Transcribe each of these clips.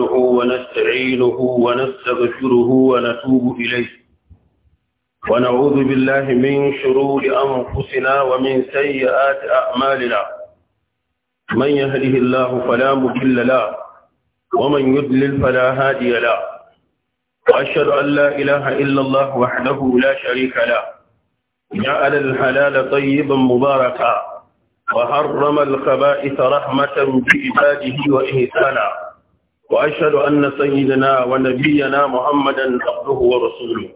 نحمده ونستعينه ونستغفره ونتوب إليه ونعوذ بالله من شرور أنفسنا ومن سيئات أعمالنا من يهده الله فلا مضل له ومن يضلل فلا هادي له وأشهد أن لا إله إلا الله وحده لا شريك له جعل الحلال طيبا مباركا وحرم الخبائث رحمة بعباده وإحسانا وأشهد أن سيدنا ونبينا محمدا عبده ورسوله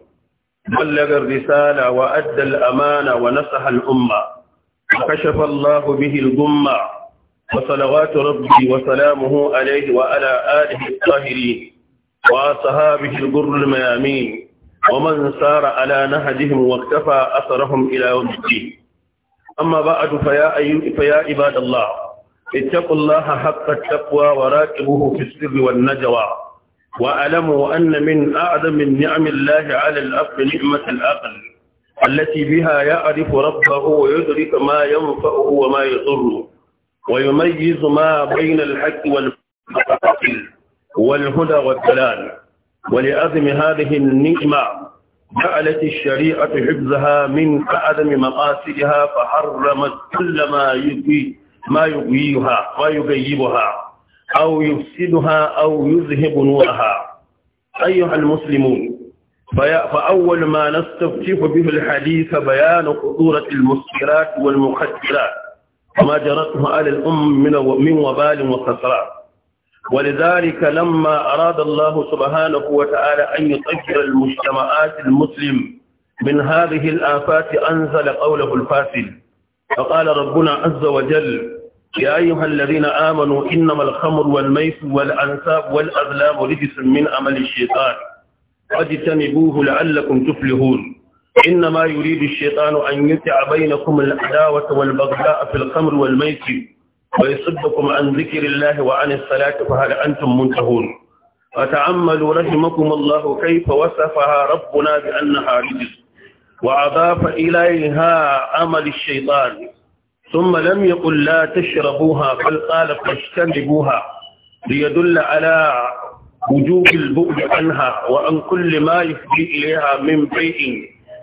بلغ الرسالة وأدى الأمانة ونصح الأمة وكشف الله به الغمة وصلوات ربي وسلامه عليه وعلى آله الطاهرين وأصحابه الغر الميامين ومن سار على نهجهم واكتفى أثرهم إلى يوم الدين أما بعد فيا, فيا عباد الله اتقوا الله حق التقوى وراكبوه في السر والنجوى وألموا أن من أعظم النعم الله على الأب نعمة الأقل التي بها يعرف ربه ويدرك ما ينفعه وما يضره ويميز ما بين الحق والباطل والهدى والدلال ولأذم هذه النعمة جعلت الشريعة حفظها من أعظم مقاصدها فحرمت كل ما يفيد ما يغييها ما يغيبها أو يفسدها أو يذهب نورها أيها المسلمون فأول ما نستفتح به الحديث بيان خطورة المسكرات والمخدرات وما جرته على الأم من وبال وخسرات ولذلك لما أراد الله سبحانه وتعالى أن يطهر المجتمعات المسلم من هذه الآفات أنزل قوله الفاسد فقال ربنا عز وجل يا أيها الذين آمنوا إنما الخمر والميس والأنساب والأذلام رجس من عمل الشيطان فاجتنبوه لعلكم تفلحون إنما يريد الشيطان أن يتع بينكم العداوة والبغضاء في الخمر والميسر ويصدكم عن ذكر الله وعن الصلاة فهل أنتم منتهون فتعملوا رحمكم الله كيف وصفها ربنا بأنها رجس وأضاف إليها عمل الشيطان ثم لم يقل لا تشربوها بل قال فاجتنبوها ليدل على وجوب البعد عنها وعن كل ما يفضي إليها من بيع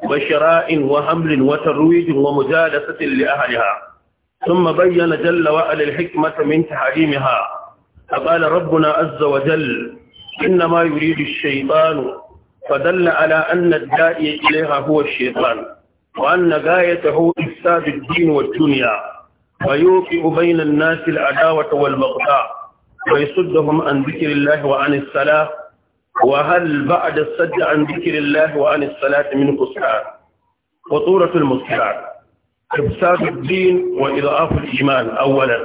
وشراء وهمل وترويج ومجالسة لأهلها ثم بين جل وعلا الحكمة من تحريمها فقال ربنا عز وجل إنما يريد الشيطان فدل على أن الداعي إليها هو الشيطان وأن غايته الفساد الدين والدنيا ويوقئ بين الناس العداوة والبغضاء ويصدهم عن ذكر الله وعن الصلاة وهل بعد الصد عن ذكر الله وعن الصلاة من قصار خطورة المسكرات إفساد الدين وإضعاف الإيمان أولا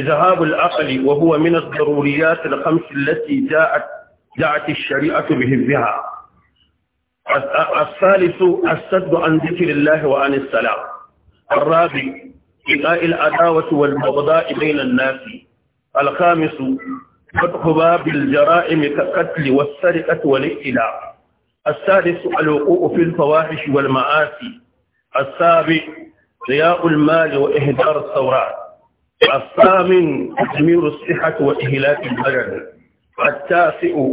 إذهاب العقل وهو من الضروريات الخمس التي جاءت جاءت الشريعة بها الثالث السد عن ذكر الله وعن السلام الرابع إيقاء العداوة والبغضاء بين الناس الخامس فتح باب الجرائم كالقتل والسرقة والإئلاء السادس الوقوع في الفواحش والمعاصي السابع ضياء المال وإهدار الثورات الثامن تدمير الصحة وإهلاك البلد التاسع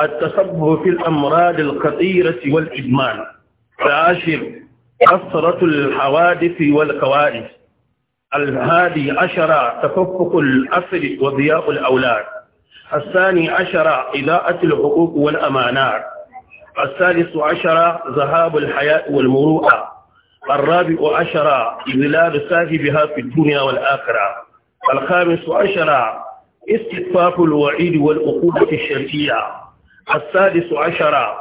التصبه في الأمراض الخطيرة والإدمان العاشر كثرة الحوادث والكوارث الهادي عشر تفكك الأسر وضياء الأولاد الثاني عشر إضاءة الحقوق والأمانات الثالث عشر ذهاب الحياء والمروءة الرابع عشر إذلال صاحبها في الدنيا والآخرة الخامس عشر استكفاف الوعيد والعقوبة الشرعية السادس عشر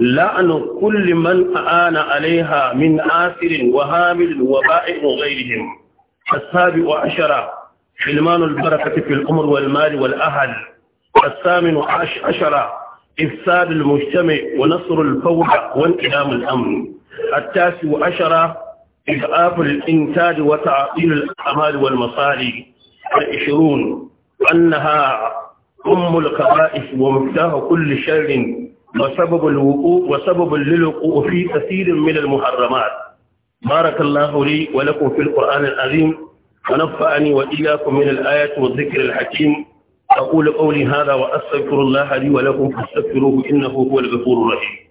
لعن كل من أعان عليها من آثر وهامل وبائع وغيرهم السابع عشر حلمان البركة في الأمر والمال والأهل الثامن عشر إفساد المجتمع ونصر الفوضى وانقدام الأمن التاسع عشر إضعاف الإنتاج وتعطيل الأعمال والمصاري العشرون أنها ummul qaba'is wa a kulli sharrin wa sababul wuqu' wa sababul lilqu' fi kathirin min al-muharramat barakallahu li wa lakum fil azim ونفعني وإياكم من الآيات والذكر الحكيم أقول قولي هذا وأستغفر الله لي ولكم فاستغفروه إنه هو الغفور الرحيم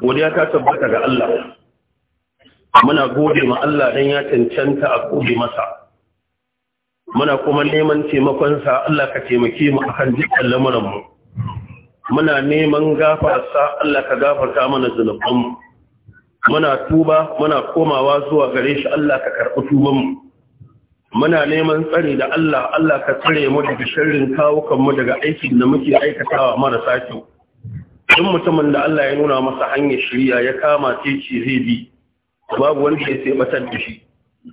godiya ta tabbata ga Allah muna gode ma Allah dan ya cancanta a gode masa muna kuma neman taimakon sa Allah ka taimake mu akan dukkan mu muna neman sa Allah ka gafarta mana zunubanmu muna tuba muna komawa zuwa gare shi Allah ka karɓi tubanmu muna neman tsari da Allah Allah ka tsare mu daga sharrin kawukanmu daga aikin da muke aikatawa marasa kyau duk mutumin da Allah ya nuna masa hanyar shirya ya kama ce zai bi babu wanda ya sai batar da shi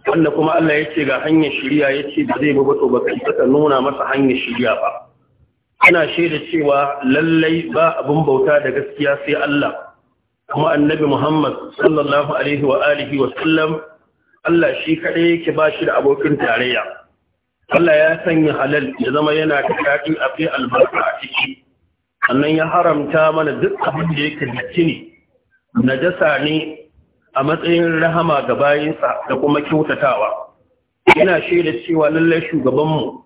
wanda kuma Allah ya ce ga hanyar shirya ya ce ba zai babato ba kai saka nuna masa hanyar shirya ba ana shaida cewa lallai ba abin bauta da gaskiya sai Allah kuma annabi Muhammad sallallahu alaihi wa alihi wa sallam Allah shi kaɗai yake ba shi da abokin tarayya Allah ya sanya halal ya zama yana da daɗin akwai albarka a ciki sannan ya haramta mana duk abin da yake dace ne najasa ne a matsayin rahama ga bayinsa da kuma kyautatawa yana shaida cewa lallai shugabanmu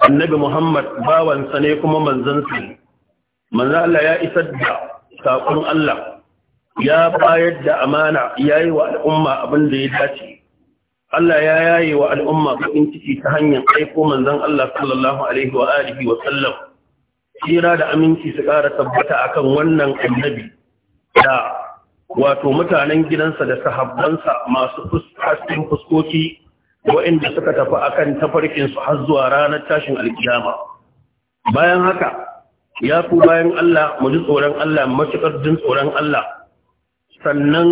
annabi Muhammad bawansa ne kuma manzansa ne manzan Allah ya isar da saƙon Allah ya bayar da amana ya yi wa al'umma abin da ya dace Allah ya yaye wa al'umma kuɗin ciki ta hanyar aiko manzan Allah sallallahu alaihi wa alihi wa sallam tsira da aminci su ƙara tabbata akan wannan annabi da wato mutanen gidansa da sahabbansa masu hasken fuskoki waɗanda suka tafi a akan tafarkinsu har zuwa ranar tashin alkiyama bayan haka ya ku bayan Allah mu ji tsoron Allah matuƙar jin tsoron Allah sannan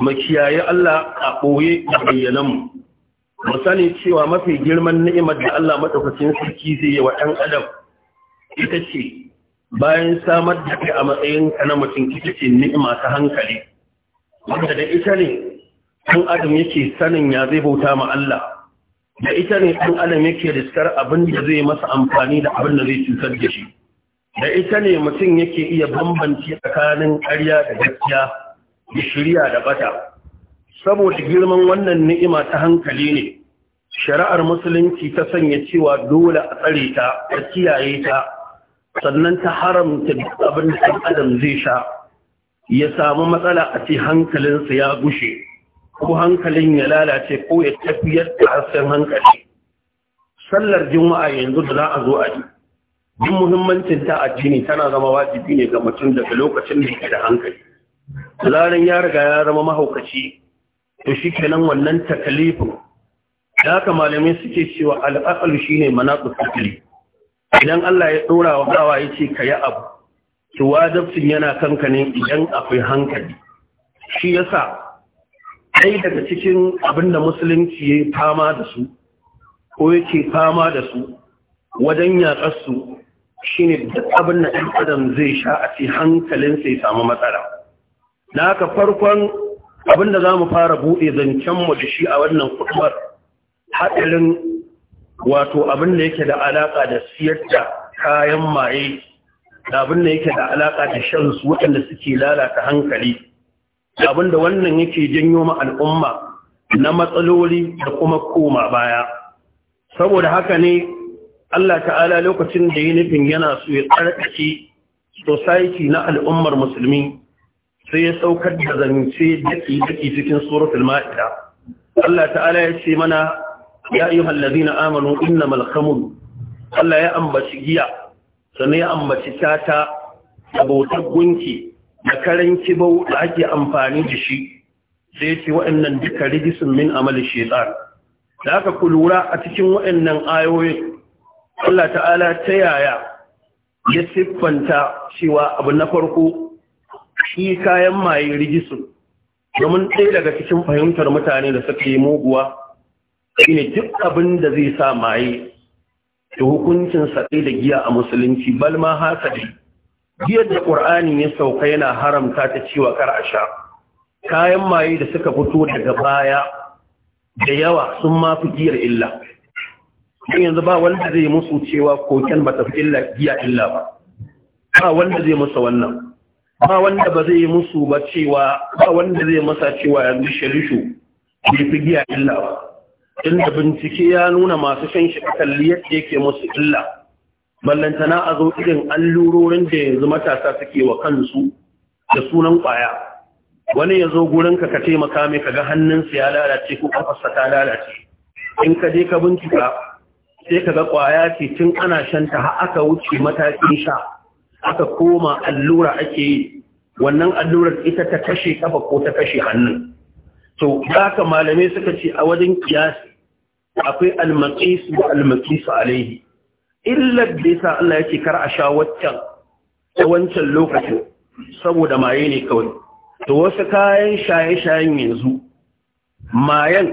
mu kiyaye Allah a ɓoye da bayyanan mu mu sani cewa mafi girman ni'imar da Allah madaukakin sarki zai yi wa ɗan adam ita ce bayan samar da kai a matsayin ka na mutum ita ce ni'ima ta hankali wanda da ita ne ɗan adam yake sanin ya zai bauta ma Allah da ita ne ɗan adam yake riskar abin da zai masa amfani da abin da zai cutar da shi da ita ne mutum yake iya bambanci tsakanin ƙarya da gaskiya da shirya da bata saboda girman wannan ni'ima ta hankali ne shari'ar musulunci ta sanya cewa dole a tsare ta a kiyaye ta sannan ta haramta duk abin da ɗan adam zai sha ya samu matsala a ce hankalinsa ya gushe ko hankalin ya lalace ko ya tafiyar da hasken hankali sallar juma'a yanzu da za a zo a yi duk muhimmancin ta addini tana zama wajibi ne ga mutum daga lokacin da yake da hankali zaren ya riga ya zama mahaukaci to shi kenan wannan takalifin da haka malamai suke cewa al'aqalu shine manaqus takalif idan Allah ya ɗora wa hawa ya ce ka yi abu ki wajabcin yana kanka idan akwai hankali shi ya sa, ai daga cikin abin da musulunci ya fama da su ko yake fama da su wajen yaƙarsu shi ne duk abin da ɗan adam zai sha a ce hankalinsa ya samu matsala na ka farkon abin da za mu fara buɗe mu da shi a wannan kuɗuwar haɗarin wato abin da yake da alaka da siyar da kayan maye da abin da yake da alaka da shan su waɗanda suke lalata hankali da abin da wannan yake janyo ma al'umma na matsaloli da kuma koma baya saboda haka ne Allah ta'ala lokacin da ya nufin yana so ya tsarkake society na al'ummar musulmi sai ya saukar da zance daki daki cikin suratul ma'ida Allah ta'ala ya ce mana ya ayyuha na amanu Inna khamr Allah ya ambaci giya sannan ya ambaci tata da bautar gunki da karan kibau da ake amfani da shi sai ce wa'annan duka rigisun min amali shaitan da aka kulura a cikin wa'annan ayoyi Allah ta'ala ta yaya ya siffanta cewa abu na farko shi kayan maye rigisun domin ɗaya daga cikin fahimtar mutane da suka yi muguwa shine duk abin da zai sa maye da hukuncin saɗai da giya a musulunci bal ma hasadi giyar da qur'ani ya sauka yana haramta ta cewa kar a sha kayan maye da suka fito daga baya da yawa sun ma fi giyar illa don yanzu ba wanda zai musu cewa koken ba ta fi illa giya illa ba ba wanda zai musa wannan ba wanda ba zai musu ba cewa ba wanda zai masa cewa yanzu shirishu bai fi giya illa ba inda bincike ya nuna masu shan shi kalli yadda yake musu illa ballantana a zo irin allurorin da yanzu matasa suke wa kansu da sunan kwaya wani ya zo gurin ka ka taimaka mai kaga ga hannunsa ya lalace ko kafarsa ta lalace in ka je ka bincika sai kaga kwaya ƙwaya ce tun ana ta har aka wuce matakin sha aka koma allura ake yi wannan allurar ita ta kashe kafa ko ta kashe hannun. to haka malamai suka ce a wajen kiyasi akwai almaqis wa almaqis alaihi illa da yasa Allah yake kar a sha waccan a wancan lokacin saboda maye ne kawai to wasu kayan shaye-shayen yanzu mayan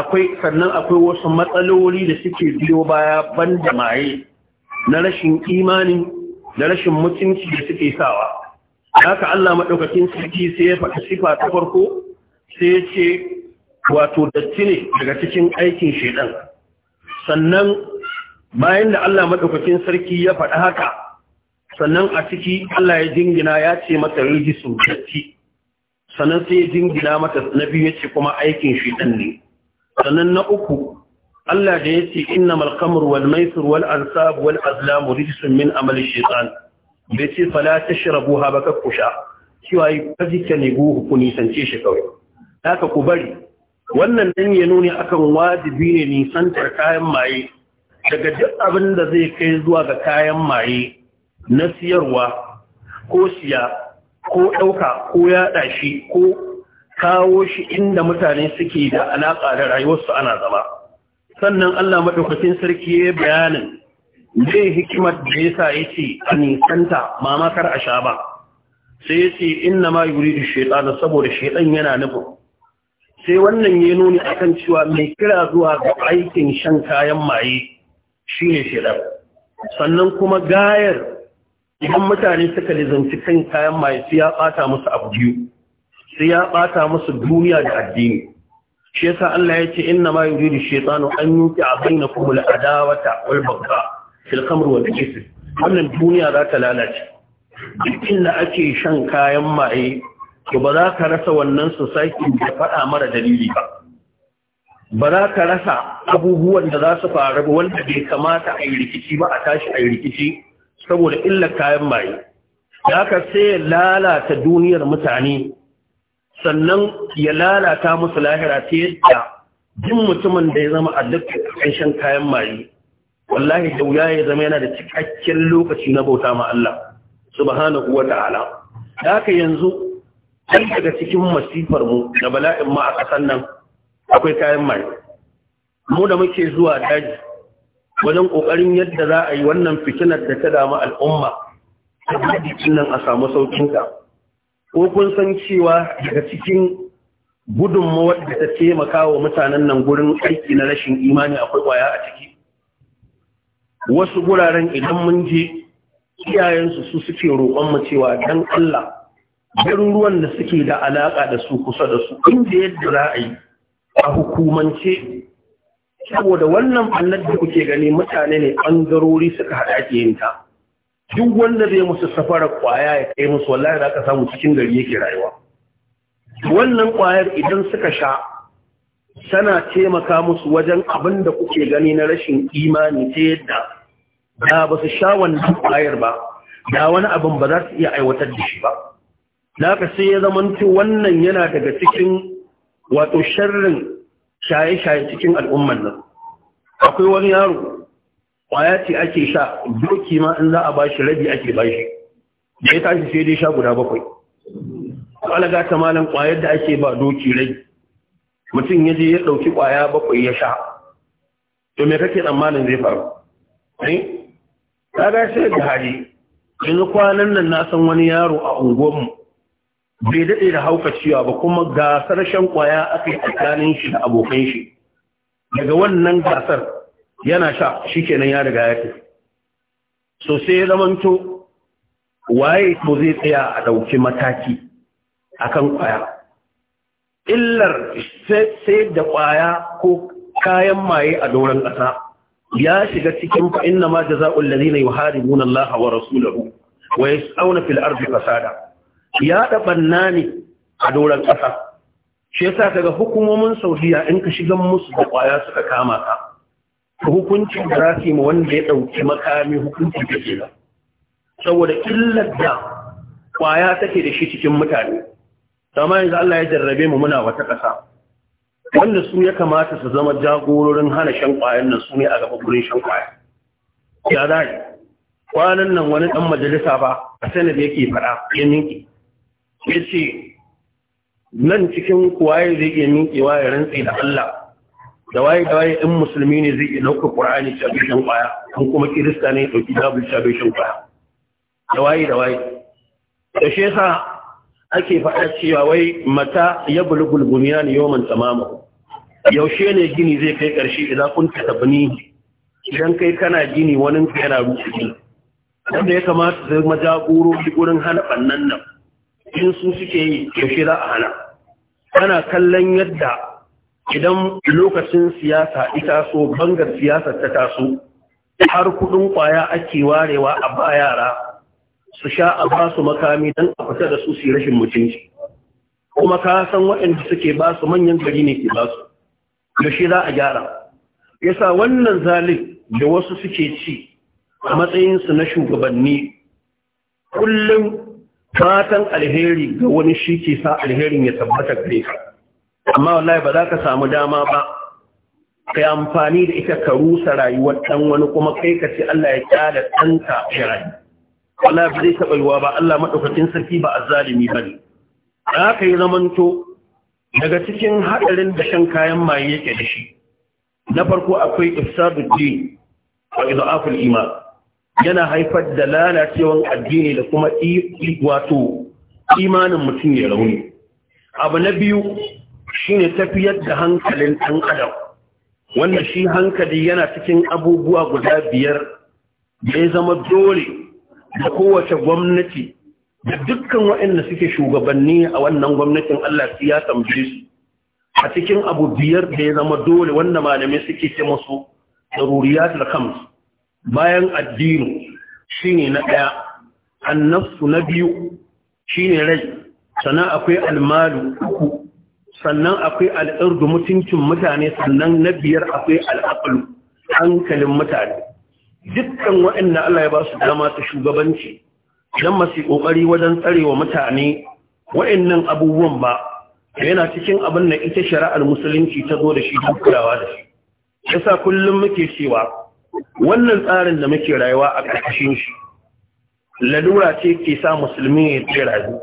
akwai sannan akwai wasu matsaloli da suke biyo baya banda maye na rashin imani da rashin mutunci da suke sawa haka Allah madaukakin sarki sai ya faɗa sifa ta farko sai ya ce wato datti ne daga cikin aikin shaidan sannan bayan da Allah maɗaukakin sarki ya faɗi haka sannan a ciki Allah ya jingina ya ce mata su datti sannan sai ya jingina mata na biyu ya ce kuma aikin shaidan ne sannan na uku Allah da ya ce inna malkamar wal maisir wal ansab wal azlamu rijisun min amali shaitan bai ce fala ta shirabu ha baka kusha cewa yi kwaji ka ne guhu ku nisance shi kawai haka ku bari wannan dan ya nuni akan wajibi ne nisantar kayan maye daga duk abin da zai kai zuwa ga kayan maye na siyarwa ko siya ko ɗauka ko yaɗa shi ko kawo shi inda mutane suke da alaƙa da rayuwarsu ana zama sannan Allah maɗaukakin sarki ya bayanin zai hikimar da ya sa ya ce a nisanta mamakar a sha ba sai ya ce inna ma yuri da saboda shaiɗan yana nufin sai wannan ya nuni a kan cewa mai kira zuwa ga aikin shan kayan maye shine shaidar sannan kuma gayar idan mutane suka lizanci kan kayan maye su ya bata musu abu biyu sai ya bata musu duniya da addini shi yasa Allah ya ce inna ma yuridu shaytanu an yuqi bainakum al-adawata wal baghdha fil khamr wal maisir wannan duniya za ta lalace duk inda ake shan kayan maye to ba za ka rasa wannan society da faɗa mara dalili ba ba za ka rasa abubuwan da za su faru ba wanda bai kamata a yi rikici ba a tashi a yi rikici saboda illar kayan maye da ka sai lalata duniyar mutane sannan ya lalata musu lahira ta yadda jin mutumin da ya zama a addabta ƙarshen kayan maye wallahi da wuya ya zama yana da cikakken lokaci na bauta ma Allah subhanahu wa ta'ala da haka yanzu har daga cikin masifar mu da bala'in ma a ƙasar nan akwai kayan mai mu da muke zuwa daji wajen ƙoƙarin yadda za a yi wannan fitinar da ta damu al'umma a cikin nan a samu sauƙinta ko kun san cewa daga cikin gudunmawar da ta taimaka wa mutanen nan gurin aiki na rashin imani akwai ƙwaya a ciki wasu guraren idan mun je iyayensu su suke roƙon mu cewa dan Allah garuruwan da suke da alaƙa da su kusa da su inda yadda za a yi a hukumance saboda wannan fallar da kuke gani mutane ne ɓangarori suka haɗa ke yin ta duk wanda zai musu safarar ƙwaya ya kai musu wallahi za ka samu cikin gari yake rayuwa wannan ƙwayar idan suka sha tana taimaka musu wajen abin da kuke gani na rashin imani ta yadda da ba su sha wannan ƙwayar ba da wani abin ba za su iya aiwatar da shi ba Laka sai ya zamanci wannan yana daga cikin wato sharrin shaye-shaye cikin al'umman nan akwai wani yaro kwaya ce ake sha doki ma in za a ba shi rabi ake bashi da ya tashi sai dai sha guda bakwai alaga ta malam kwayar da ake ba doki rai mutum ya je ya ɗauki kwaya bakwai ya sha to me kake tsammanin zai faru Ta eh? ga sai da hari, yanzu kwanan nan na san wani yaro a unguwarmu bai daɗe da haukacewa ba kuma gasar shan kwaya aka yi tsakanin shi da abokan shi daga wannan gasar yana sha shikenan ya riga ya Sosai so sai ya zamanto waye to zai tsaya a ɗauki mataki akan kwaya illar sai da kwaya ko kayan maye a doron ƙasa ya shiga cikin fa inna ma jazaa'ul ladina yuharibuna Allah wa rasulahu wa yas'awna fil ardi fasada ya ɗaɓanna ne a doron ƙasa shi yasa kaga hukumomin saudiya in ka shigan musu da ƙwaya suka kama ka hukuncin da za su wanda ya ɗauki makami hukuncin da ke saboda illar da ƙwaya take da shi cikin mutane sama yanzu Allah ya jarrabe mu muna wata ƙasa wanda su ya kamata su zama jagororin hana shan ƙwayan nan su ne a gaba gurin shan ƙwaya ya za kwanan nan wani ɗan majalisa ba a sanar yake faɗa ya ninki ya ce nan cikin kuwaye zai iya miƙewa ya rantsi da Allah da waye da waye in musulmi ne zai iya ɗaukar ƙur'ani shan ƙwaya an kuma kirista ne ɗauki shabe shan ƙwaya da waye da waye da shi yasa ake faɗa cewa wai mata ya bulgul gumiya ne yawan tamama yaushe ne gini zai kai ƙarshe idan kun ta tabni idan kai kana gini wani yana rufe gini wanda ya kamata zai majagoro gurin hana ɓannan nan in su suke yi yaushe za a hana ana kallon yadda idan lokacin siyasa ita so bangar siyasa ta taso har kudin kwaya ake warewa a ba yara su sha a ba su makami don a fita da su su rashin mutunci kuma ka san waɗanda suke ba su manyan gari ne ke ba su shi za a gyara yasa wannan zalib da wasu suke ci a matsayinsu na shugabanni kullum fatan alheri ga wani shi ke sa alherin ya tabbata gare ka amma wallahi ba za ka samu dama ba kai amfani da ita ka rusa rayuwar ɗan wani kuma kai ka ce Allah ya kyala ɗanka ya rayu wallahi ba zai taɓa yiwa ba Allah maɗaukakin sarki ba azzalimi ba ne da aka yi zamanto daga cikin haɗarin da shan kayan maye yake da shi na farko akwai ifsaduddin wa idaful iman yana haifar da lalacewan addini da kuma wato imanin mutum ya rauni abu na biyu shine tafiyar da hankalin ɗan adam wanda shi hankali yana cikin abubuwa guda biyar da ya zama dole da kowace gwamnati da dukkan waɗanda suke shugabanni a wannan gwamnatin Allah ya tambaye su a cikin abu biyar da ya zama dole wanda malamai suke ce musu daruriyatul khams bayan addini shine na ɗaya annafsu na biyu shine rai sannan akwai almalu uku sannan akwai al'irdu mutuncin mutane sannan na biyar akwai al'aqlu hankalin mutane dukkan waɗanda Allah ya ba su dama ta shugabanci don masu ƙoƙari wajen tsarewa mutane waɗannan abubuwan ba yana cikin abin da ita shari'ar musulunci ta zo da shi don kulawa da shi yasa kullum muke cewa wannan tsarin da muke rayuwa a ƙarƙashin shi lalura ce ke sa musulmi ya ce rayu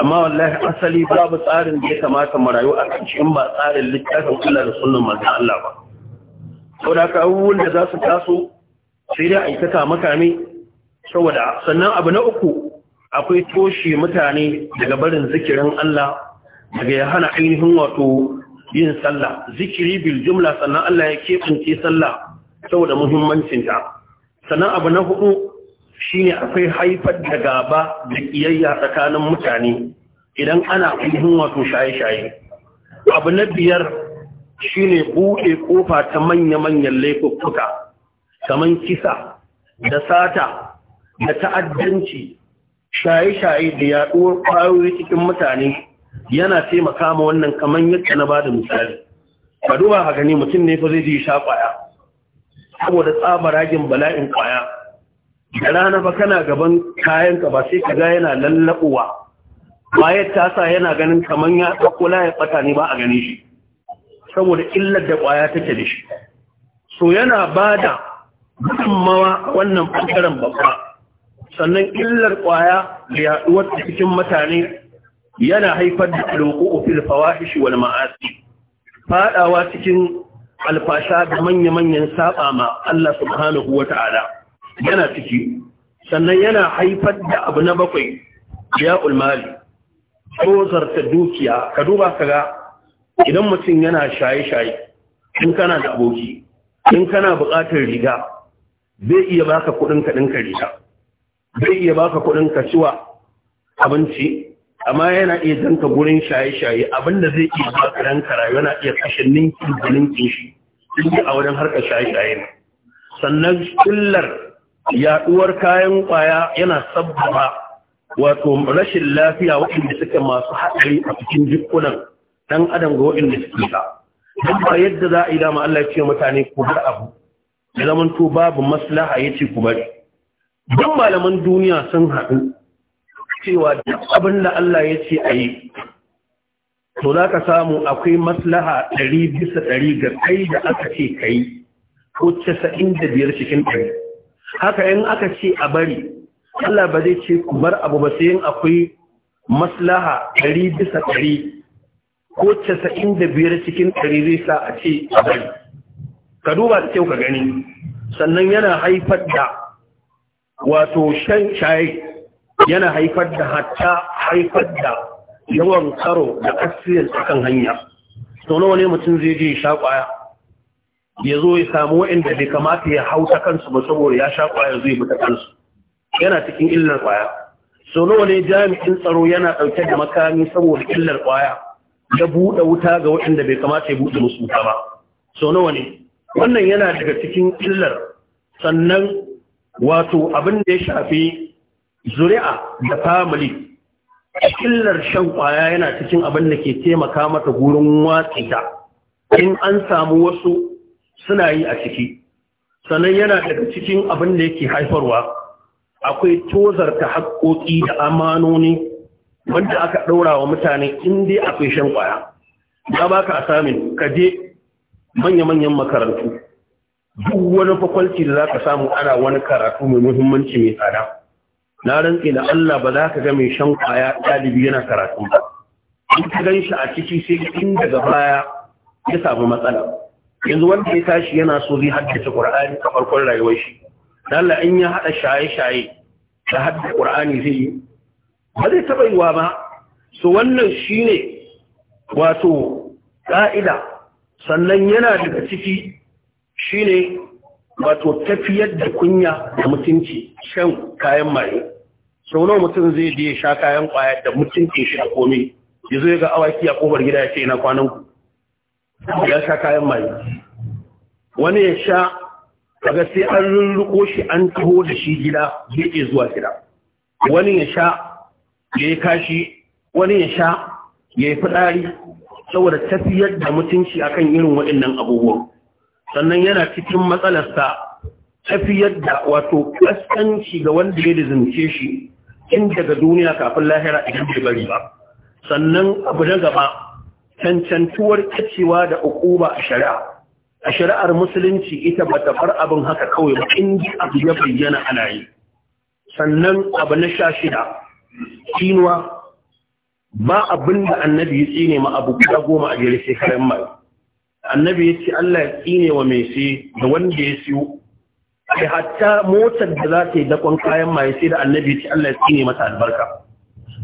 amma wallahi asali babu tsarin da ya kamata mu rayu a in ba tsarin littafin Allah da sunnan manzon Allah ba da ka abubuwan da za su taso sai dai a ta saboda sannan abu na uku akwai toshe mutane daga barin zikirin Allah daga ya hana ainihin wato yin sallah zikiri bil jumla sannan Allah ya keɓance sallah saboda muhimmancinta sannan abu na hudu shine akwai haifar da gaba da kiyayya tsakanin mutane idan ana ainihin wato shaye-shaye abu na biyar shine buɗe ƙofa ta manya-manyan laifuffuka kamar kisa da sata da ta'addanci shaye-shaye da yaɗuwar ƙwayoyi cikin mutane yana taimaka ma wannan kamar yadda na bada misali ka duba ka gani mutum ne fa zai je sha ƙwaya saboda ragin bala'in kwaya da rana ba kana gaban kayanka ba sai ka ga yana lallaɓowa bayan ta sa yana ganin kamar ya ɗauko layar ɓata ne ba a gani shi saboda illar da kwaya take da shi so yana ba da gudunmawa wannan ɓangaren babba sannan illar kwaya da yaɗuwar cikin mutane yana haifar da alwuku ofil fawahishi wal ma'asi faɗawa cikin alfasha da manya-manyan saba ma Allah subhanahu wa ta'ala yana ciki sannan yana haifar da abu na bakwai ya ulmali tozarta dukiya ka duba ka ga idan mutum yana shaye-shaye in kana da aboki in kana buƙatar riga zai iya baka kuɗin ka ɗinka riga zai iya baka kuɗin ka ciwa abinci amma yana iya danka gurin shaye-shaye abinda zai iya ka ranka rayuwa yana iya kashe ninkin da ninkin shi a wajen harkar shaye-shaye ne sannan kullar yaduwar kayan kwaya yana sabbaba wato rashin lafiya waɗanda suke masu haɗari a cikin jikunan ɗan adam ga waɗanda suke sa don ba yadda za a yi dama Allah ya ce mutane ku bar abu ya zaman babu maslaha ya ce ku bari don malaman duniya sun haɗu cewa duk abin da Allah ya ce a yi to za ka samu akwai maslaha ɗari bisa ɗari ga kai da aka ce ka yi ko casa'in da biyar cikin ɗari haka yin aka ce a bari Allah ba zai ce ku bar abu ba sai yin akwai maslaha ɗari bisa ɗari ko casa'in da biyar cikin ɗari zai sa a ce a bari ka duba da kyau ka gani sannan yana haifar da wato shan shaye yana haifar da hatta haifar da yawan karo da asirin akan hanya sau wani ne mutum zai je sha kwaya ya zo ya samu waɗanda bai kamata ya hau ta kansu ba saboda ya sha kwaya zai bi ta kansu yana cikin illar kwaya sau wani ne jami'in tsaro yana ɗauke da makami saboda illar kwaya ya buɗe wuta ga waɗanda bai kamata ya buɗe musu wuta ba sau ne wannan yana daga cikin illar sannan wato abin da ya shafi zuri'a da family illar shan kwaya yana cikin abin da ke taimaka mata gurin watsi ta in an samu wasu suna yi a ciki sannan yana daga cikin abin da yake haifarwa akwai tozarta haƙoƙi da amanoni wanda aka ɗaura wa mutane in dai akwai shan kwaya ya baka asamin ka je manya-manyan makarantu duk wani fakwalci da za ka samu ana wani karatu mai muhimmanci mai tsada na rantse da Allah ba za ka ga mai shan kwaya ɗalibi yana karatu ba in ka gan shi a ciki sai in daga baya ya samu matsala yanzu wanda ya tashi yana so zai haddace Qur'ani a farkon rayuwar shi Allah in ya haɗa shaye-shaye da haddace Qur'ani zai yi ba zai taɓa yiwa ba so wannan shi ne, wato ƙa'ida sannan yana daga ciki shi ne wato tafiyar da kunya da mutunci shan kayan maye sau nawa mutum zai je ya sha kayan kwaya da ke shi da komai ya zo ya ga awaki a kofar gida ya ce ina kwanan ku ya sha kayan maye wani ya sha daga sai an rurruko shi an taho da shi gida zai iya zuwa gida wani ya sha ya yi kashi wani ya sha ya yi fitsari saboda tafiyar da mutunci akan irin waɗannan abubuwan sannan yana cikin matsalarsa tafiyar da wato kaskanci ga wanda ya zance shi in daga duniya kafin lahira idan bai bari ba sannan abu na gaba cancantuwar kacewa da ukuba a shari'a a shari'ar musulunci ita ba ta abin haka kawai ba in abu ya bayyana ana yi sannan abu na sha shida kinuwa ba abin da annabi ya tsine ma abu guda goma a jere sai mai annabi ya ce Allah ya tsine wa mai sai da wanda ya siyo kai hatta motar da za ta yi dakon kayan maye sai da annabi ce Allah ya tsine mata albarka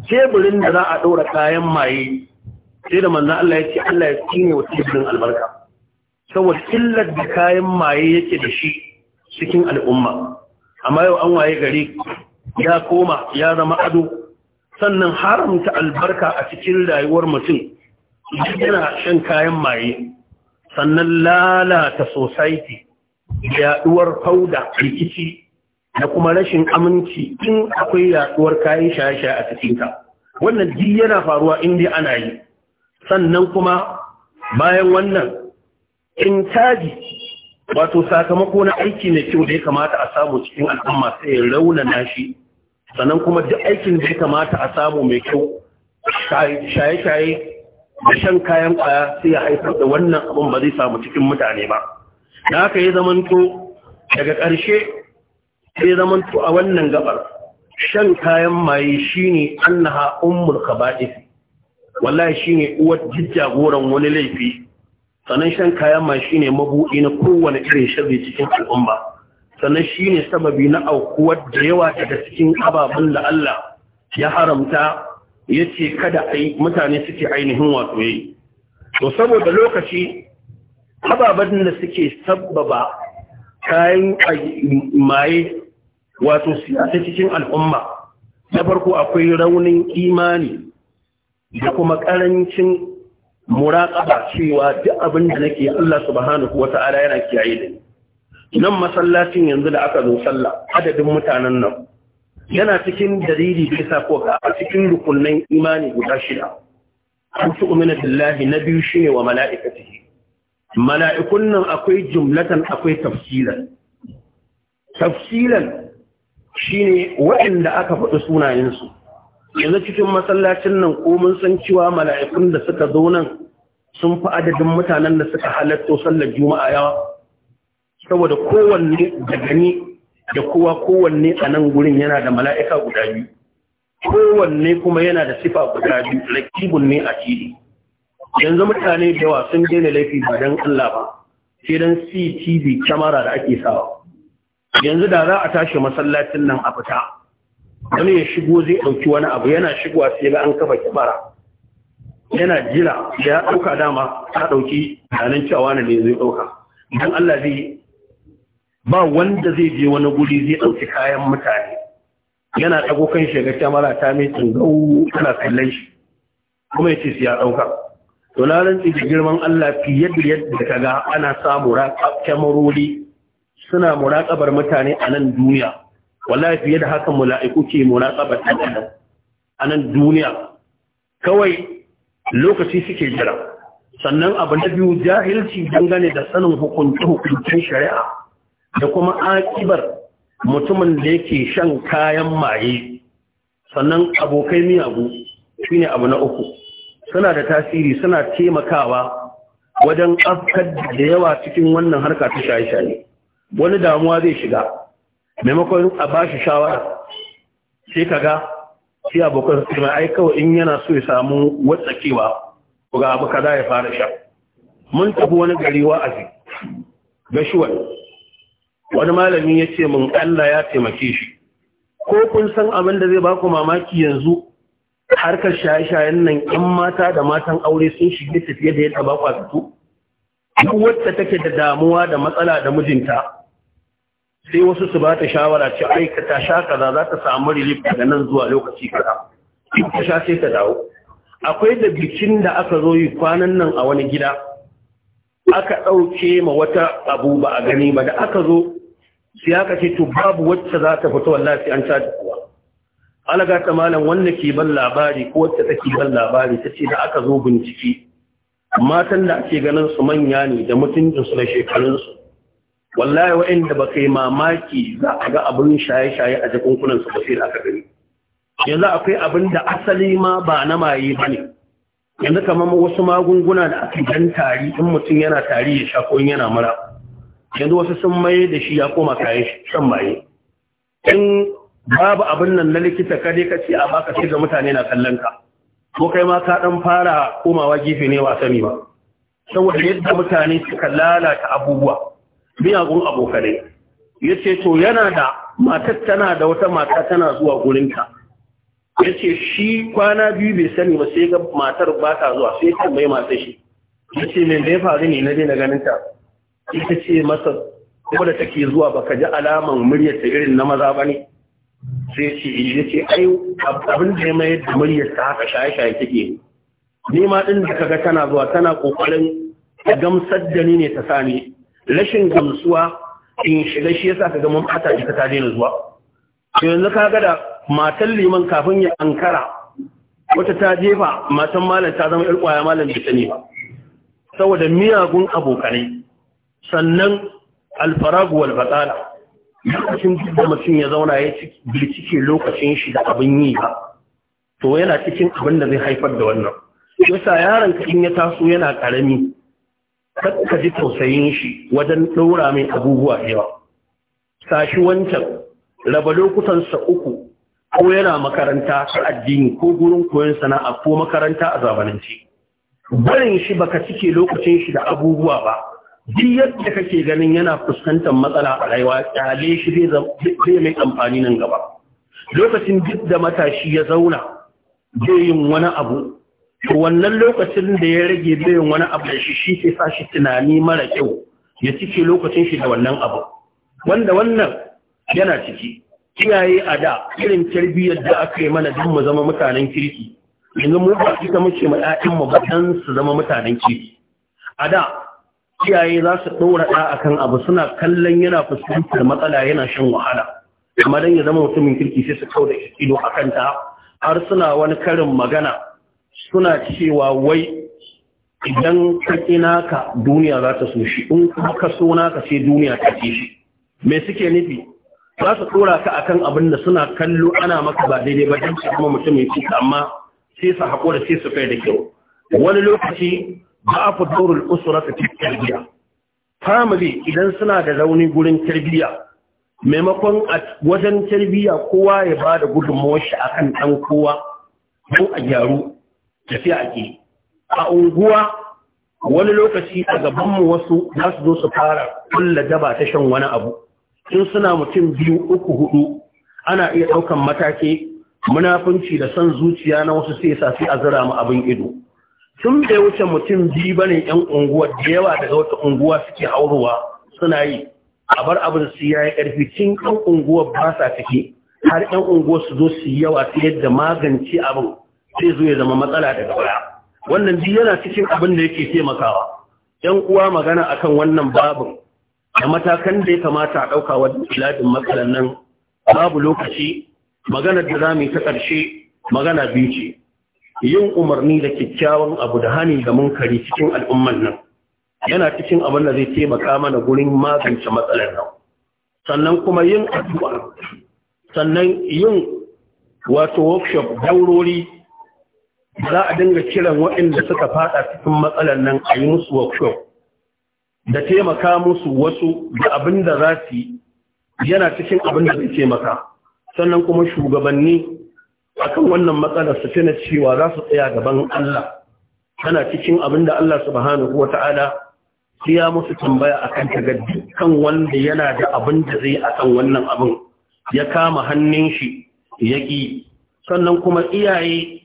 teburin da za a ɗora kayan maye sai da manzon Allah ya ce Allah ya tsine wa teburin albarka saboda illar da kayan maye yake da shi cikin al'umma amma yau an waye gari ya koma ya zama ado sannan haramta albarka a cikin rayuwar mutum yana shan kayan maye sannan lalata society yaduwar fauda rikici da kuma rashin aminci in akwai yaduwar kayan shaye-shaye a ka wannan duk yana faruwa dai ana yi sannan kuma bayan wannan in caji wato sakamako na aiki na kyau da ya kamata a samu cikin al'umma sai ya rauna shi sannan kuma duk aikin da ya kamata a samu mai kyau shaye-shaye da shan kayan kwaya sai ya haifar da wannan abin ba zai samu cikin mutane ba da aka yi zamanto daga ƙarshe sai zamanto a wannan gabar shan kayan maye shine annaha ummul khaba'is wallahi shine uwar jijjagoran wani laifi sannan shan kayan maye shine mabuɗi na kowane irin sharri cikin al'umma sannan shine sababi na aukuwar da yawa daga cikin ababen da Allah ya haramta ya ce kada mutane suke ainihin wato yi to saboda lokaci ababen da suke sabbaba kayan maye wato siyasa cikin al'umma na farko akwai raunin imani da kuma ƙarancin muraƙaba cewa duk abin da nake Allah subhanahu wa ta'ala yana kiyaye da ni nan masallacin yanzu da aka zo sallah adadin mutanen nan yana cikin dalili da yasa ko ga a cikin rukunnan imani guda shida an tu'minu billahi na biyu shine wa mala'ikatihi mala'ikun nan akwai jumlatan akwai tafsilan tafsilan shine waɗanda aka faɗi sunayensu yanzu cikin masallacin nan ko mun san cewa mala'ikun da suka zo nan sun fi adadin mutanen da suka halatto sallar juma'a yawa saboda kowanne da gani da kowa kowanne a nan gurin yana da mala'ika guda biyu kowanne kuma yana da sifa guda biyu rakibun ne a cikin. yanzu mutane da yawa sun daina laifi ba don Allah ba sai don CTV kyamara da ake sawa yanzu da za a tashi masallacin nan a fita wani ya shigo zai ɗauki wani abu yana shigowa sai ga an kafa kyamara yana jira da ya ɗauka dama ta ɗauki ranar cewa ne zai ɗauka don Allah zai ba wanda zai je wani guri zai ɗauki kayan mutane yana ɗago kan shiga kyamara ta mai tsingau tana kallon shi kuma ya ce su ya ɗauka to na da girman Allah fiye da yadda ka ga ana sa kyamarori suna muraƙabar mutane a nan duniya wallahi fiye da haka mula'iku ke muraƙabar ɗan a nan duniya kawai lokaci suke jira sannan abu na biyu jahilci dangane da sanin hukuncin hukuncin shari'a da kuma akibar mutumin da yake shan kayan maye sannan abokai miyagu shine abu na uku suna da tasiri suna taimakawa wajen afkar da yawa cikin wannan harka ta shaye-shaye wani damuwa zai shiga maimakon a ba shi shawara sai ga sai abokan su ai kawai in yana so ya samu watsakewa ga abu kaza ya fara sha mun tafi wani gari ga gashuwan wani malami ya ce mun Allah ya taimake shi ko kun san abin da zai baku mamaki yanzu harkar shaye-shayen nan ‘yan mata da matan aure sun shige tafiye da yadda ba kwa fito duk wacce take da damuwa da matsala da mijinta sai wasu su ba ta shawara ce aikata sha kaza za ta samu rilif daga nan zuwa lokaci kaza ta sha sai ta dawo akwai da bikin da aka zo yi kwanan nan a wani gida aka ɗauke ma wata abu ba a gani ba da aka zo sai ce to babu wacce za ta fito wallahi an ta kuwa alaga ta malam wanda ke ban labari ko wacce take ban labari ta ce da aka zo bincike matan da ake ganin su manya ne da mutuncin mutuncinsu shekarun shekarunsu wallahi wa'inda ba kai mamaki za a ga abin shaye-shaye a jakunkunan su da aka gani yanzu akwai abin da asali ma ba na maye ba ne yanzu kamar wasu magunguna da aka dan tari in mutum yana tari ya sha ko yana mura yanzu wasu sun maye da shi ya koma kayan shan maye in babu abin nan na likita kade ka ce a baka sai ga mutane na kallon ka ko kai ma ka dan fara komawa gefe ne ba sani ba saboda yadda mutane suka lalata abubuwa miyagun abokanai ya ce to yana da matar tana da wata mata tana zuwa gurinta ya ce shi kwana biyu bai sani ba sai ga matar ba ta zuwa sai ta mai matar shi ya ce mai mai faru ne na daina ganin ta ita ce masa ko da take zuwa baka ji alaman muryar ta irin na maza ba ne sai ce eh, ya ce ai abin da ya mayar da muryar ta haka shaye-shaye take ni ma din da kaga tana zuwa tana kokarin ta gamsar da ni ne ta sani rashin gamsuwa in shiga shi yasa kaga mun fata ita ta daina zuwa to yanzu kaga da matan liman kafin ya ankara wata ta jefa matan malam ta zama yar kwaya malam bai sani saboda miyagun abokanai sannan alfaragu wal lokacin da mutum ya zauna ya bai cike lokacin shi da abin yi ba to yana cikin abin da zai haifar da wannan yasa yaron ka in ya taso yana karami ka ji tausayin shi wajen ɗaura mai abubuwa yawa sashi wancan raba lokutansa uku ko yana makaranta ta addini ko gurin koyon sana'a ko makaranta a zamanance barin shi baka cike lokacin shi da abubuwa ba duk yadda kake ganin yana fuskantar matsala a rayuwa kyale shi zai mai amfani nan gaba lokacin duk da matashi ya zauna zai yin wani abu to wannan lokacin da ya rage zai yin wani abu da shi shi ke sa shi tunani mara kyau ya cike lokacin shi da wannan abu wanda wannan yana ciki iyaye a da irin tarbiyyar da aka yi mana don mu zama mutanen kirki yanzu mu ba ita muke ma 'ya'yanmu ba don su zama mutanen kirki a da iyaye za su ɗora ɗa a kan abu suna kallon yana fuskantar matsala yana shan wahala amma don ya zama mutumin kirki sai su kau da ido a kanta har suna wani karin magana suna cewa wai idan ka naka duniya za ta so shi in kuma ka so naka sai duniya ta ce shi me suke nufi za su ɗora ka akan abin da suna kallo ana maka ba daidai ba don su kuma mutumin kirki, amma sai su haƙura sai su kai da kyau wani lokaci Ba ضعف دور الأسرة في tarbiya family idan suna da rauni gurin tarbiyya maimakon a wajen tarbiyya kowa ya ba da gudunmawar shi akan ɗan kowa ko a gyaru tafiya ake a unguwa wani lokaci a gabanmu wasu za su zo su fara kulla daba ta shan wani abu in suna mutum biyu uku hudu ana iya ɗaukan matake munafunci da son zuciya na wasu sai sa sai a zira mu abin ido tun bai wuce mutum biyu ba ne ‘yan unguwa da yawa daga wata unguwa suke hauruwa suna yi a bar abin su ya yi ƙarfi cin ‘yan unguwa ba sa ciki har ‘yan unguwa su zo su yi yawa su yadda magance abin sai zo ya zama matsala daga baya wannan biyu yana cikin abin da yake taimakawa ‘yan uwa magana akan wannan babin da matakan da ya kamata a ɗauka wajen iladin matsalan nan babu lokaci magana da za mu yi ta ƙarshe magana biyu ce yin umarni da kyakkyawan abu da hani da munkari cikin al'umman nan yana cikin abin da zai taimaka mana gurin magance matsalar nan sannan kuma yin addu'a sannan yin wato workshop daurori za a dinga kiran waɗanda suka fada cikin matsalar nan a yi musu workshop da taimaka musu wasu da abin da za su yana cikin abin da zai taimaka sannan kuma shugabanni akan wannan matsalar su tana cewa za su tsaya gaban Allah tana cikin abin da Allah subhanahu wata'ala sai ya musu tambaya akan ta ga dukkan wanda yana da abin da zai akan wannan abin ya kama hannun shi ya ƙi sannan kuma iyaye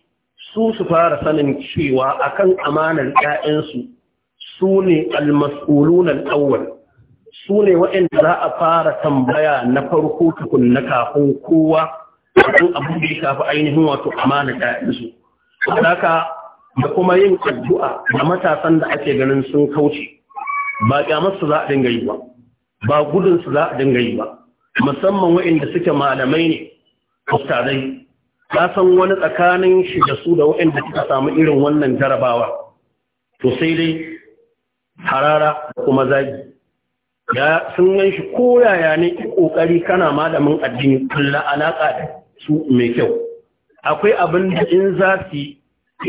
su su fara sanin cewa akan amanar 'ya'yansu su ne almas'ulunan awwal su ne waɗanda za a fara tambaya na farko tukun na kafin kowa wajen abin da ya shafi ainihin wato amana su haka da kuma yin addu'a da matasan da ake ganin sun kauce ba kyamarsu za a dinga yi ba ba gudunsu za a dinga yi ba musamman waɗanda suke malamai ne ustazai ka san wani tsakanin shi da su da waɗanda suka samu irin wannan jarabawa to sai dai harara da kuma zagi ya sun gan shi ko yaya ne ƙoƙari kana malamin addini kulla alaƙa da su mai kyau akwai abin da in za su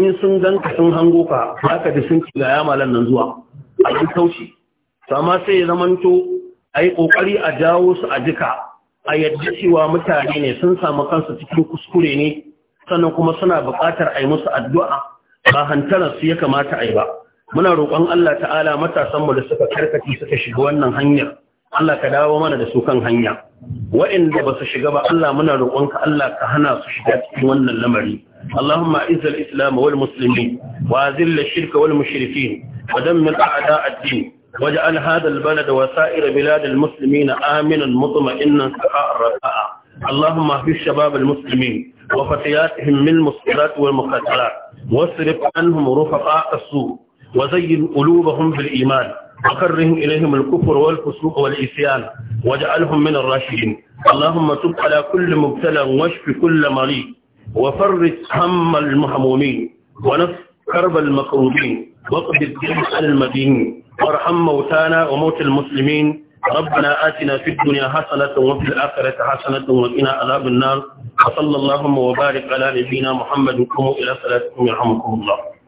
in sun ganka sun hango ka ka da sun ci ga yamalan nan zuwa a yi taushi sama sai ya zamanto a yi ƙoƙari a jawo su a jika a yadda cewa mutane ne sun samu kansu cikin kuskure ne sannan kuma suna buƙatar a yi musu addu'a ba hantarar su ya kamata a yi ba muna roƙon Allah ta'ala matasanmu da suka karkace suka shiga wannan hanyar Allah ka dawo mana da su kan hanya wa'inda ba su shiga ba Allah muna ka Allah ka hana su shiga cikin wannan lamari Allahumma izal islam wal musulmi. wa azil shirka wal mushrikin wa dammir a'da ad-din waj'al hadha al-balad wa sa'ir bilad al-muslimin aminan mutma'innan sa'a rafa'a Allahumma fi shabab al-muslimin وفتياتهم من المسكرات والمخدرات واصرف عنهم رفقاء السوء وزين قلوبهم بالإيمان وكرهم إليهم الكفر والفسوق والإسيان واجعلهم من الراشدين اللهم تب على كل مبتلى واشف كل مريض وفرج هم المهمومين ونف كرب المكروبين واقض الدين على المدينين وارحم موتانا وموت المسلمين ربنا آتنا في الدنيا حسنة وفي الآخرة حسنة وقنا عذاب النار وصلى اللهم وبارك على نبينا محمد وقوموا إلى صلاتكم يرحمكم الله